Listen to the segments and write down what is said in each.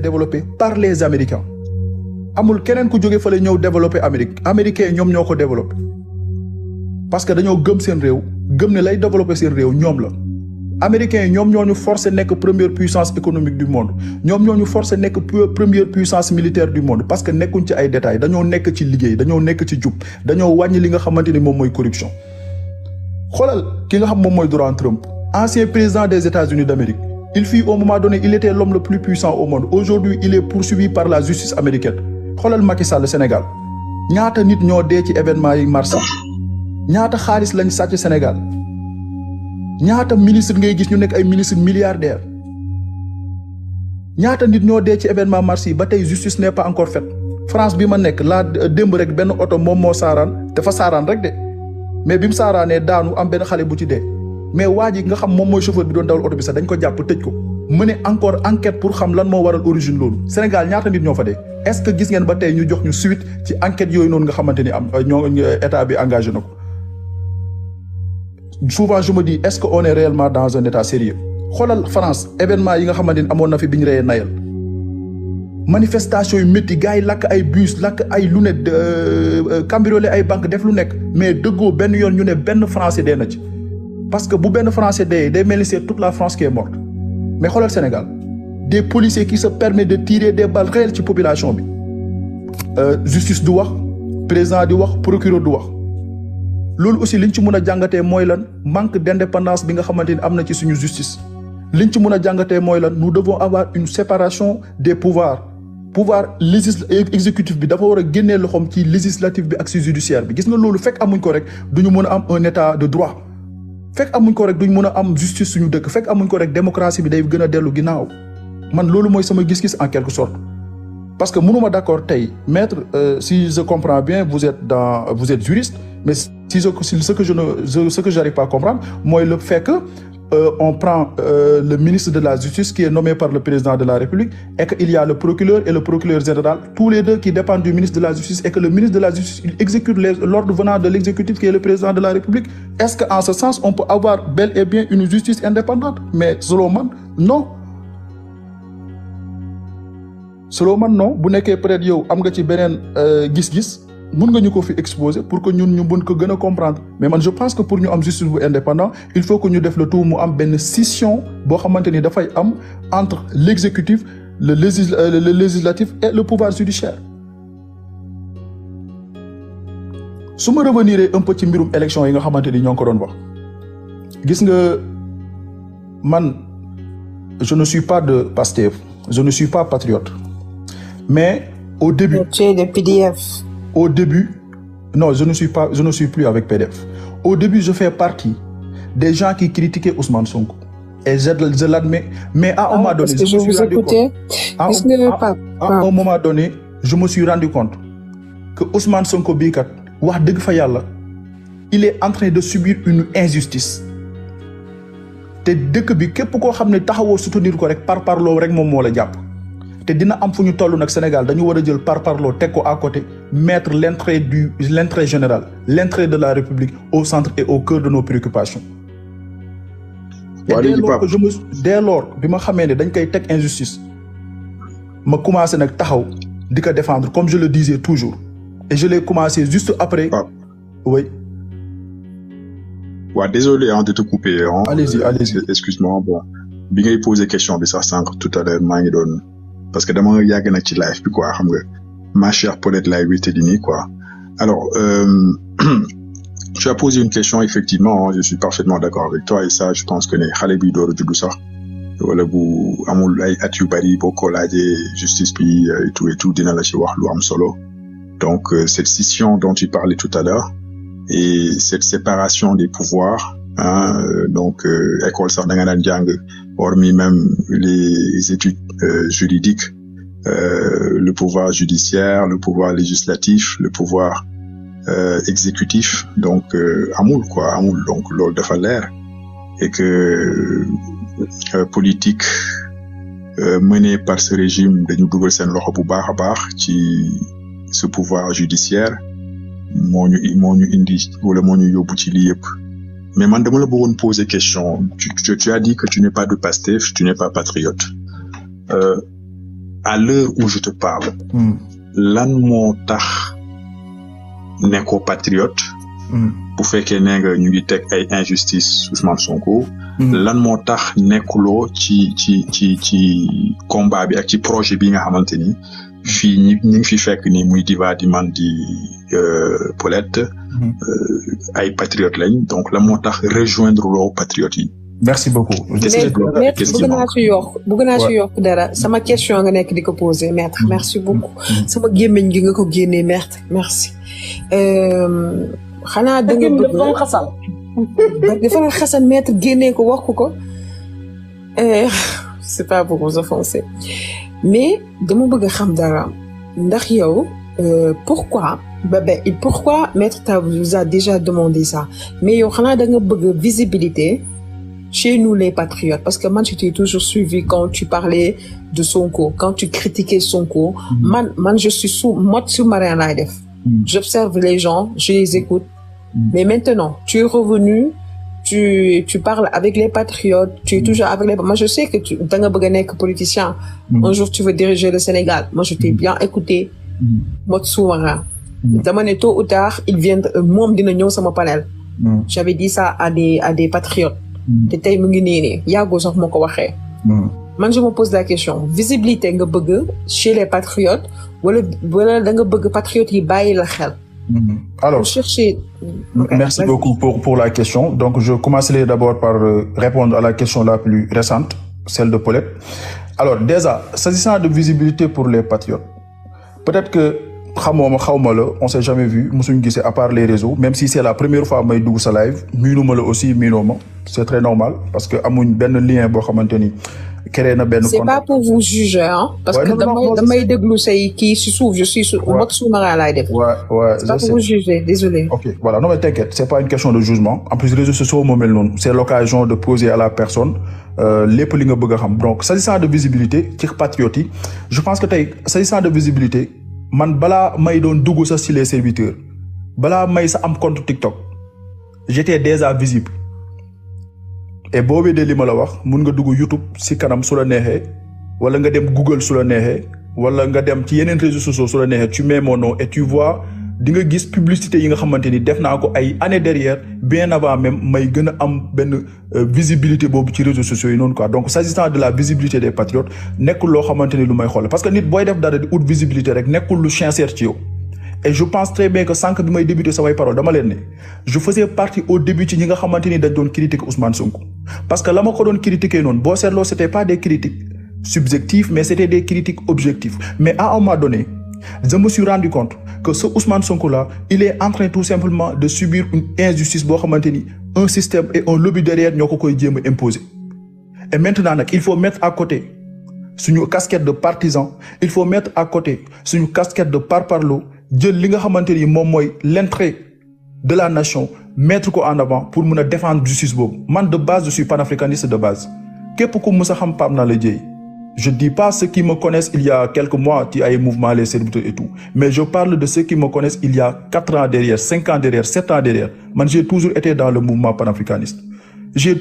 développé par les Américains amul keneen ku jóge fële ñëw développé Amérique américains ñoom ñoo ko développé parce que dañoo gëm seen réew gëm ne lay développé seen réew ñoom la américain yi ñoom ñoo ñu forcé nekk première puissance économique du monde ñoom ñoo ñu forcé nekk première puissance militaire du monde parce que nekkuñ ci ay détails dañoo nekk ci liggéey dañoo nekk ci jub dañoo wàññi li nga xamante ni moom mooy corruption. xoolal ki nga xam moom mooy Donald Trump ancien président des États-Unis d'Amérique il fut au moment donné il était l'homme le plus puissant au monde aujourd'hui il est poursuivi par la justice américaine ñaata nit ñoo dee ci événement yi mars ñaata xaalis lañ sàcc Sénégal. ñaata ministre ngay gis ñu nekk ay ministre milliardaire ñaata nit ñoo dee ci événement mars yi ba tey justice n'est encore faite France bi ma nekk laa euh, démb rek benn oto moom moo saaraan dafa saaraan rek de mais bi mu saaraanee daanu am benn xale bu ci dee mais waa ji nga xam moom mooy chauffeur bi doon dawal oto bi sax dañ ko jàpp tëj ko mener encore enquête pour xam lan moo waral origine loolu Sénégal ñaata nit ñoo fa dee est-ce que gis ngeen ba tey ñu jox ñu suite ci yooyu noonu nga xamante ni am état bi engagé na souvent je me est-ce que on est réellement dans un état sérieux xoolal France événement yi nga xamante ni amoon na fi bi ñu reyee Nayel manifestation yu métti gars yi lakk ay bus lakk ay lunettes euh, euh, cambriolé ay banque def lu nekk mais dëggoo benn yoon ñu ne benn français dee na ci parce que bu benn français dee day mel ni la France qui est mais xoolal Sénégal des policiers kii se permettent de tirer des balles réelles ci population bi euh, justice du wax président di wax procureur du wax loolu aussi liñ ci mën a jàngatee mooy lan manque d'indépendance bi nga xamante ni am na ci suñu justice liñ ci mën a jàngatee mooy lan nous devons avoir une séparation des pouvoirs pouvoir légis exécutif bi dafa war a génnee loxoom ci législatif bi ak ci judiciaire bi gis na loolu fekk amuñ ko rek duñu mën a am un état de droit fekk amuñ ko rek duñ mën a am justice suñu dëkk fekk amuñ ko rek démocratie bi day gën a dellu ginnaaw man loolu mooy sama gis-gis en quelque sorte parce que mënuma d'accord tey maître euh, si je comprends bien vous êtes dans vous êtes si ce que j'arrive pas comprendre mooy le fait que euh, on prend euh, le ministre de la Justice qui est nommé par le président de la République et qu'il y a le procureur et le procureur général tous les deux qui dépendent du ministre de la Justice et que le ministre de la Justice il exécute l'ordre venant de l'exécutif qui est le président de la République est-ce que en ce sens et bien une justice indépendante mais selon man non selon man non bu nekkee peut-être yow am nga ci beneen euh, gis-gis mun nga ñu ko fi exposé pour que ñun ñu mun ko gën a comprendre mais man je pense que pour ñu am justice bu indépendant il faut que ñu def le tout mu am benn scission boo xamante ni dafay am entre l'exécutif le légis euh, le législatif et le pouvoir judiciaire. su ma revenir un peu ci mbirum élection yi nga xamante ni ñoo ngi ko doon wax gis nga man je ne suis pas de Pastef je ne suis pas patriote mais au début. tu de PDF. au début non je ne suis pas je ne suis plus avec PDF au début je fais partie des gens qui critiquaient Ousmane Sonko et je, je l'admets mais à un ah, moment donné je, me suis rendu compte que Ousmane Sonko bii kat wax dëgg fa yàlla il est en de subir une injustice te dëkk bi képp koo xam ne taxawoo soutenir ko rek par parloo rek moom moo la jàpp te dina am fu ñu toll nag Sénégal dañu war a jël par parloo teg ko à côté mettre l' intérêt du l' général l' de la République au centre et au cœur de nos préoccupations. waaw dès lors que je bi ma xamee ne dañ koy teg injustice ma commencé nag taxaw di ko défendre comme je le disais toujours et je l'ai commencé juste après. Pape. désolé hein, de te couper. allez-y euh, allez-y excuse-moi bon bi ngay posé question bi sax sànq tout maa ngi doon. parce que dama yàgg nag ci live bi quoi xam nga ma chère Paulette laay wéetali nii quoi alors euh, tu as une question effectivement hein, je suis parfaitement d'accord avec toi et ça je pense que ne xale bi door a juddu sax wala bu amul ay at yu bari boo ko laajee justice bi euh, et tout et tout dina la ci wax lu am solo donc euh, cette scission dont tu parlais tout à l'heure et cette séparation des pouvoirs ah donc école sax da nga daan jàng hormis même les études euh, juridiques, euh, le pouvoir judiciaire, le pouvoir législatif, le pouvoir euh, exécutif, donc euh, amul quoi, amul donc loolu dafa leer et que euh, politique menée par ce régime dañu dugal seen loxo bu baax a baax ci ce pouvoir judiciaire moo ñu indi wala moo ñu yóbbu ci lii yëpp. mais man dama la bëggoon poser question tu, tu, tu as dit que tu n'es pas de Pastef tu n'es pas patriote euh, à l'heure où je te parle hmm. lan moo tax nekkoo patriote hmm. bu fekkee nee nga ñu ngi teg ay injustice Ousmane Sonko hmm. lan moo tax nekkuloo ci ci ci ci combat bi ak ci projet bi nga xamante ni fii ñu ngi fi fekk ni muy Diva di man di euh, Paulette Mhm. Euh, ay patriotes lañ donc la moo tax rejoindre loo patriotes yi. merci beaucoup. maître bëgg naa ci yokk dara sama question nga nekk di ko posé maître mhm. merci beaucoup mhm. sama gémmiñ gi nga ko génnee maître merci euh, xanaa da nga bëgg dafa génnee ko wax ko ko euh, c'est pas pour vous dama bëgg xam dara ndax yow Euh, pourquoi ba ba pourquoi maître Tao vous a déjà demandé ça mais yow xanaa da nga bëgg visibilité chez nous les patriotes parce que man je t'ai toujours suivi quand tu parlais de Sonko quand tu critiquais Sonko. Mm. man man je suis sous mode sous-marin laay def. Mm. j'observe les gens je les écoute. Mm. mais maintenant tu es revenu tu tu parles avec les patriotes tu es toujours avec les moi je sais que tu da nga bëgg a nekk politicien. un jour tu veux diriger le Sénégal moi je t'ai bien écouté. Mm-hmm. Motsuwara. Mm-hmm. dama ne tôt ou tard il vient euh, moom dina ñëw sama panel. Mm-hmm. j'avais dit ça à des à des patriotes. te tey mu ngi nii nii yàggoo sax moo ko waxee. man je me pose la question visibilité nga bëgg chez les patriotes wala wala da nga bëgg patriotes yi bàyyi la xel. alors chercher. Okay, merci vas pour pour la question donc je commencerai d'abord par euh, répondre à la question la plus récente celle de Paulette alors déjà s'agissant de visibilité pour les patriotes. peut-être que xamoo ma xaw ma la on s'est jamais vu mosuñ gisee à part les réseaux même si c'est la première fois may dugg sa live miinu la aussi miinoo ma c'est très normal parce que amuñ benn lien boo xamante ni créé na benn. c'est pas pour vous juger hein. parce ouais, que damay damay déglu say kii si suuf je suis. waaw mot suuf mara laay def. waaw waaw c'est pas pour vous juger désolé. ok voilà non mais t'inquiète c'est pas une question de jugement en plus réseaux sociaux moo mel c'est l'occasion de poser à la personne euh, lépp li nga bëgg a xam donc s'agissant de visibilité ci patriote je pense que tey s'agissant de visibilité man balaa may doon dugg sa si les serviteurs balaa may sa am compte TikTok j'étais déjà visible. et boo weddee li ma la wax mun nga dugg YouTube si kanam su la neexee wala nga dem Google su la neexee wala nga dem ci yeneen réseaux sociaux su la neexee tu mets mon et tu vois gis publicité yi nga xamante ni def naa ko ay années derrière bien avant même may gën a am benn euh, visibilité boobu ci réseaux sociaux yi noonu quoi donc s'agissant de la visibilité des patriotes nekkul loo xamante lu may xool parce que nit booy def dara di ut visibilité ci yow. et je pense très bien que sànq bi may débuté samay parole dama leen ne je faisais partie au début ci ñi nga xamante ni dañ doon critiquer Ousmane Sonko parce que la ma ko doon critiquer noonu boo seetloo c'était pas des critiques subjectives mais c'était des critiques objectives mais à un moment donné je me suis rendu compte que ce Ousmane Sonko là il est en tout simplement de subir une injustice boo xamante ni un système et un lobby derrière ñoo ko koy jéem a imposer maintenant nag il faut mettre à côté suñu casquette de partisan il faut mettre à côté suñu casquette de parparloo jël li nga xamante ni moom mooy l'intérêt de la nation mettre ko en avant pour mun a défendre justice boobu man de base je suis panafricaniste de base képp ku mus a xam Pape Nalla Dièye je dis pas ceux qui me connaissent il y a quelques mois ci ay mouvement les serviteurs et tout mais je parle de ceux qui me connaissent il y a quatre ans derrière cinq ans derrière sept ans derrière man j'ai toujours été dans le mouvement panafricaniste j'ai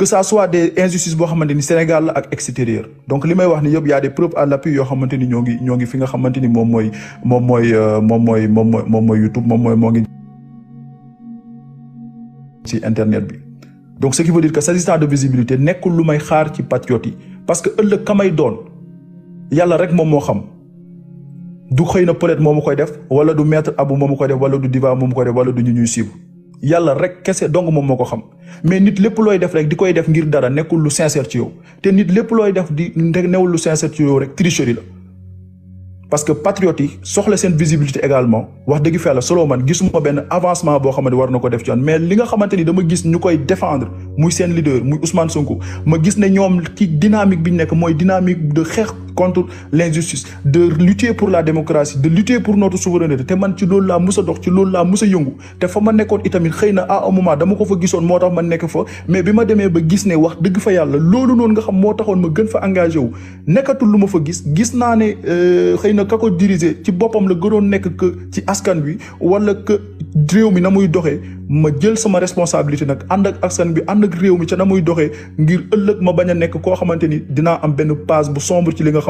que ça soit des injustices boo xamante ni Sénégal la ak extérieur donc li may wax ni yëpp y a des preuves à l'appui yoo xamante ni ñoo ngi ñoo ngi fi nga xamante ni moom mooy moom mooy euh, moom mooy moom mooy moom mooy YouTube moom mooy moo ngi ci internet bi donc ce qui veut dire que s'agissant de visibilité lu may xaar ci patriote yi parce que ëllëg ka may yàlla rek moom moo xam du na peut-être moo ma koy def wala du maître abu moo ma koy def wala du diva moo ma koy wala du ñu ñuy suivre yàlla rek kese dong moom moo ko xam mais nit lépp looy def rek di koy def ngir dara nekkul lu sincère ci yow te nit lépp looy def di newul lu sincère ci yow rek tricherie la. parce que patriote yi soxla seen visibilité également wax dëgg fa la solo man ko benn avancement boo xamante war na ko def ci mais li nga xamante ni dama gis ñu koy defendre muy seen leader muy Ousmane Sonko ma gis ne ñoom ci dynamique bi ñu nekk mooy dynamique de xeex contre l'injustice de lutter pour la démocratie de lutter pour notre souveraineté te man ci loolu laa mus a dox ci loolu laa mus a yëngu te fa ma nekkoon itamit xëy na à un moment dama ko fa gisoon moo tax ma nekk fa mais bi ma demee ba gis ne wax dëgg fa yàlla loolu noonu nga xam moo taxoon ma gën fa engagé wu nekkatul lu ma fa gis gis naa ne euh, xëy na ka ko diriger ci boppam la gënoon nekk que ci askan bi wala que réew mi na muy doxe ma jël sama responsabilité nag ànd ak askan bi ànd ak réew mi ca na muy doxee ngir ëllëg ma bañ a nekk koo xamante ni dinaa am benn passe bu sombre ci li nga xam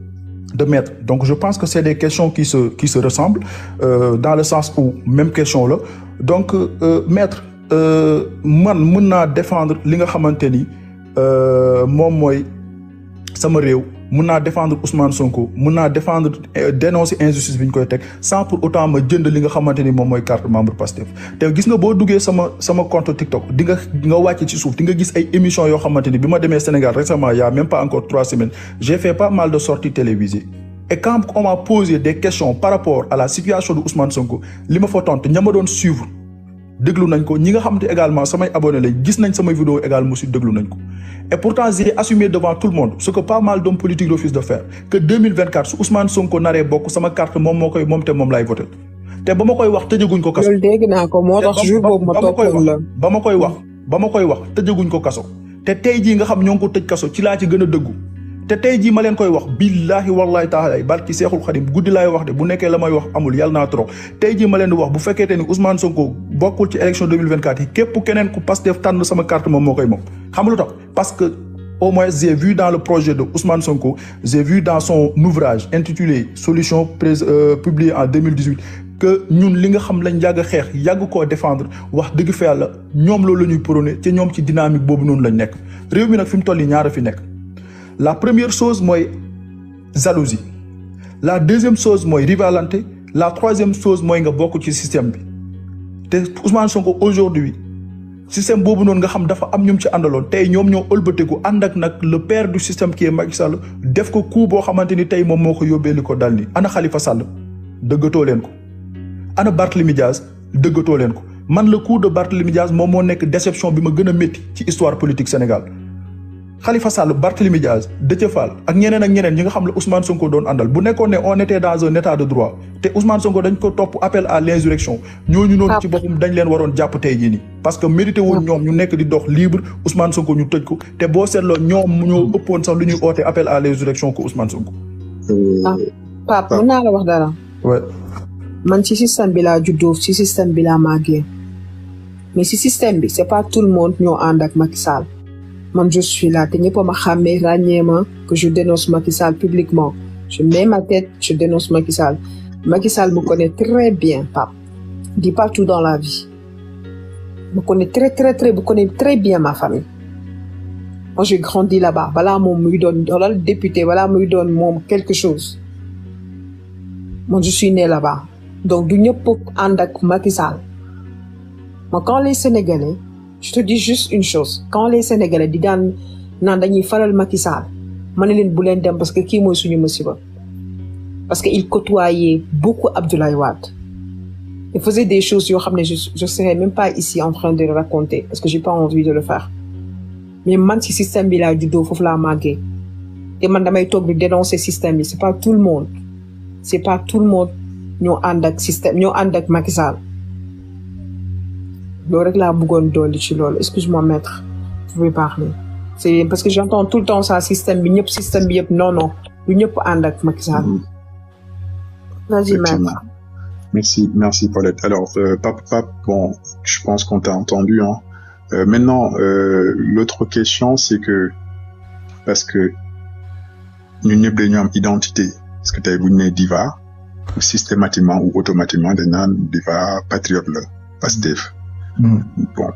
de mettre donc je pense que c'est des questions qui se qui se ressemblent euh, dans le sens où même question la donc euh, maître euh, man mën naa défendre li nga xamante ni euh, moom mooy sama réew mun naa défendre Ousmane Sonko mun naa défendre euh, dénoncer injustice bi ñu koy teg sans pour autant ma jënd li nga xamante ni moom mooy carte membre Pastef te gis nga boo duggee sama sama compte TikTok di nga nga wàcc ci suuf di nga gis ay émissions yoo xamante ni bi ma demee Sénégal récemment y a même pas encore trois semaines j'ai fait pas mal de sorties télévisées et quand on m'a posé des par rapport à la situation de Ousmane Sonko li ma fa tontu ña doon suivre. déglu nañ ko ñi nga xamante également samay abonné lañ gis nañ samay vidéo également aussi déglu nañ ko et pourtant j'ai assumé devant tout le monde ce que pas mal d'hommes politiques refusent de faire que 2024 su Ousmane Sonko naree bokk sama carte moom moo koy moom te moom laay voté te ba ma koy wax tëjaguñ ko kaso. loolu dégg koy wax ba ma ko kaso te tey jii nga xam ñoo ko tëj kaso ci laa ci gën a déggu te tey jii ma leen koy wax billaahi wallaahi taala barki seexul xadim guddi laay wax de bu nekkee la may wax amul yàlla naa trop tey jii ma leen wax bu fekkee ni Ousmane Sonko bokkul ci élection yi képp keneen ku Pastef tànn sama carte moom moo koy moom xam lu tax parce que au moins j'ai vu dans le projet de Ousmane Sonko j'ai vu dans son ouvrage intitulé Solution prés euh, publié en que ñun li nga xam lañ yàgg xeex yàgg koo defendre wax dëgg fa yàlla ñoom loolu la ñuy ci ñoom ci dynamique boobu noonu lañ nekk réew mi nag fi mu toll nii ñaara fi nekk la première chose mooy jalousie la deuxième chose mooy rivalité la troisième chose mooy nga bokk ci système bi te Ousmane Sonko aujourd'hui système boobu noonu nga xam dafa am ñoom ci àndaloon tey ñoom ñoo ëlbateeku ànd ak nag le père du système ki est Macky def ko coup boo xamante ni tey moom moo ko yóbbee li ko dal ni ana Khalifa Sall dëggatoo leen ko ana Barthélémy Dias dëggatoo leen ko man le coup de Barthélémy moom moo nekk déception bi ma gën a métti ci histoire politique Sénégal Khalifa Sall Barthélémy Diaz Déthié Fall ak ñeneen ak ñeneen ñi nga xam ne Ousmane Sonko doon àndal bu nekkoon ne on était dans un état de droit te Ousmane Sonko dañ ko topp appel à l'insurrection ñooñu noonu ci boppam dañ leen waroon jàpp tey jii nii parce que mérité wuñ ñoom ñu nekk di dox libre Ousmane Sonko ñu tëj ko te boo seetloo ñoom ñoo ëppoon sax lu ñuy oote appel à l'insurrection ko Ousmane Sonko. Euh, Pape mën naa la wax dara. man ci système bi laa juddoo ci système bi laa màggee mais ci système bi c'est pas tout le monde ñoo ànd ak Macky Sall moom je suis là te ñëpp a ma xàmmee ràññee ma que je dénonce Macky Sall publiquement je mets ma tête je dénonce Macky Sall me connaît très bien Pape di partout dans la vie me connaît très très très me très bien ma famille moi j'ai grandi là-bas balaa moom muy doon dalal député balaa muy doon moom quelque chose man je suis né là donc du ñëpp ànd ak Macky ma quand les Sénégalais je te dis juste une chose quand les sénégalais di daan naan dañuy faral Macky Sall ma ne leen bu leen dem parce que kii mooy suñu musiba parce que il côtoyait beaucoup Abdoulaye Wade il faisait des choses yoo xam ne je je même pas ici en train de le raconter parce que j'ai pas envie de le faire mais man si système bi laa juddoo foofu laa màggee te man damay toog di dénoncer système bi c'est pas tout le monde c'est pas tout le monde ñoo ànd ak système ñoo ànd ak loolu rek laa bëggoon dolli ci loolu excuse-moi maître vous parler parce que j'entends tout le temps ça système bi ñëpp système bi non non du ñëpp ànd ak Macky Sall. Mm-hmm. vas-y maître. Euh, je pense qu'on t'a entendu euh, maintenant euh, l'autre question c'est que parce que ñun ñëpp dañu am identité parce que tey bu diva systématiquement ou automatiquement dañ naan diva patriote la Hmm. bon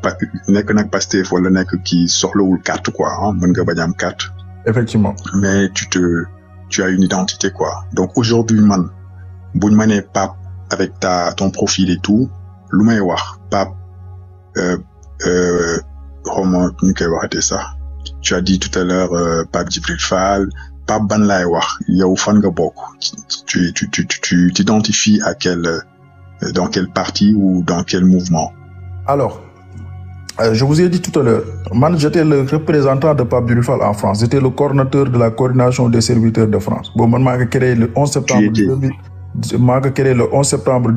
nekk nag Pastef wala nekk kii wul carte quoi mën nga bañ am carte. effectivement mais tu te tu as une identité quoi donc aujourd'hui man buñ ma nee Pape avec ta ton profil et tout lu may wax Pape euh, euh, xaw ma nu ñu koy waxatee sax tu as dit tout à l'heure euh, Pape Djibril Fall Pape ban laay wax yow fan nga bokk tu tu tu tu t'identifies à quel euh, dans quel parti ou dans quel mouvement. Alors, euh, je vous ai dit tout à l'heure, man, j'étais le représentant de Pape Durifal en France. J'étais le coordinateur de la coordination des serviteurs de France. Bon, man, m'a créé le 11 septembre 2000, créé le 11 septembre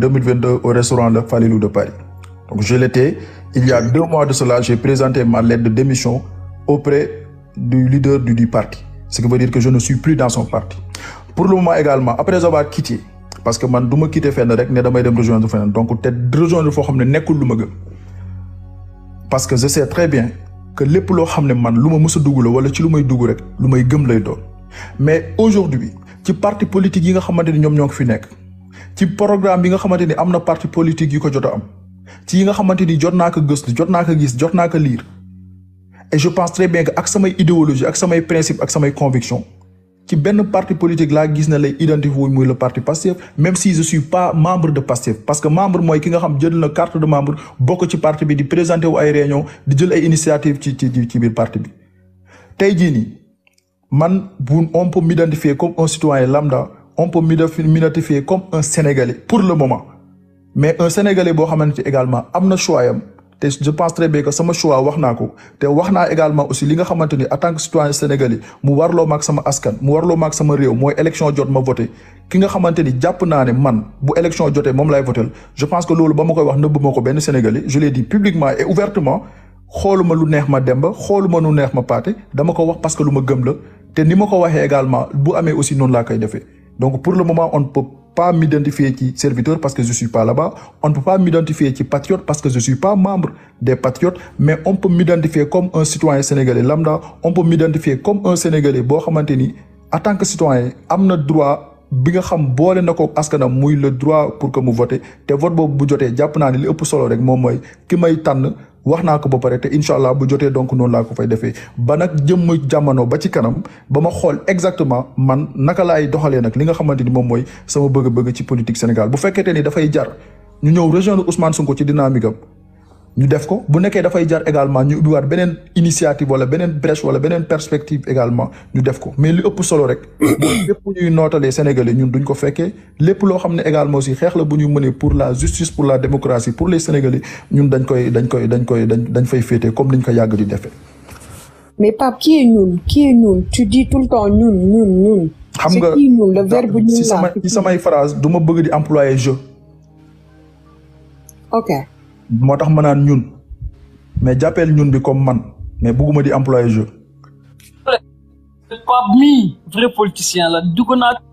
au restaurant Le Falilou de Paris. je l'étais. Il y a deux mois de cela, présenté ma lettre de démission auprès du leader du, du parti. Ce qui veut dire que je ne suis plus dans son parti. Pour le moment également, après avoir quitté, parce que man, je ne quitte pas, je ne parce que je sais très bien que lépp loo xam ne man lu ma mës a dugg la wala ci lu may dugg rek lu may gëm lay doon mais aujourd'hui ci parti politique yi nga xamante ni ñoom ñoo ngi fi nekk ci programme bi nga xamante ni am na parti politique yi ko jot am ci yi nga xamante ni jot naa ko gëstu jot naa ko gis jot naa ko lire et je pense très bien que ak samay idéologie ak samay principe ak samay conviction ci benn parti politique laa gis na lay identifié wuñ muy le parti Pastef même si je suis pas membre de Pastef parce que membre mooy ki nga xam jël na carte de membre bokk ci parti bi di présenté wu ay réunion di jël ay initiative ci ci ci biir parti bi tey jii nii man bu on peut m'identifier comme un citoyen lambda on peut m'identifier comme un sénégalais pour le moment mais un sénégalais boo xamante également am na choix am te je pense très bien que sama choix wax naa ko te wax naa également aussi li nga xamante ni en tant sénégali citoyen sénégalais mu warloo maag sama askan mu warloo maag sama réew mooy élection jot ma voté ki nga xamante ni jàpp naa ne man bu élection jote moom lay votel je pense que loolu ba ma koy wax nëbb ma ko benn sénégalais je l'ai dit publiquement et ouvertement xooluma lu neex ma xoolu ma lu neex ma Paate dama ko wax parce que lu ma gëm la te ni ma ko waxee également bu amee aussi noonu laa koy defee donc pour le moment on ne peut pas m'identifier ci serviteur parce que je suis pas là-bas on ne peut pas m'identifier ci patriote parce que je suis pas membre des patriotes mais on peut m'identifier comme un citoyen sénégalais lambda on peut m'identifier comme un sénégalais boo xamante ni en tant que citoyen am na droit bi nga xam boole na ko askanam muy le droit pour que mu vote te vote boobu bu jotee jàpp naa ne li ëpp solo rek moom mooy ki may tànn wax naa ko ba pare te incha allah bu jotee donc noonu laa ko fay defee ba nag jëmm jamono ba ci kanam ba ma xool exactement man naka laay doxalee nag li nga xamante ni moom mooy sama bëgg-bëgg ci politique Sénégal bu fekkente ni dafay jar ñu ñëw rejoindre Ousmane Sonko ci dynamique am ñu def ko bu nekkee dafay jar également ñu ubbiwaat beneen initiative wala beneen brèche wala beneen perspective également ñu def ko mais li ëpp solo rek. lépp ñuy nootalee Sénégalais ñun duñ ko fekkee lépp loo xam ne également aussi xeex la bu ñu mënee pour la justice pour la démocratie pour les Sénégalais ñun dañ koy dañ koy dañ koy dañ dañ fay féetee comme niñ ko yàgg di defee. mais Pape qui est ñun qui est ñun ñun ñun xam nga le verbe ñun la si samay phrase du ma bëgg di employer je. moo tax ma naan ñun mais jàppeel ñun bi comme man mais bugguma di employé jeu. Pape mi vrai politicien la dugg naa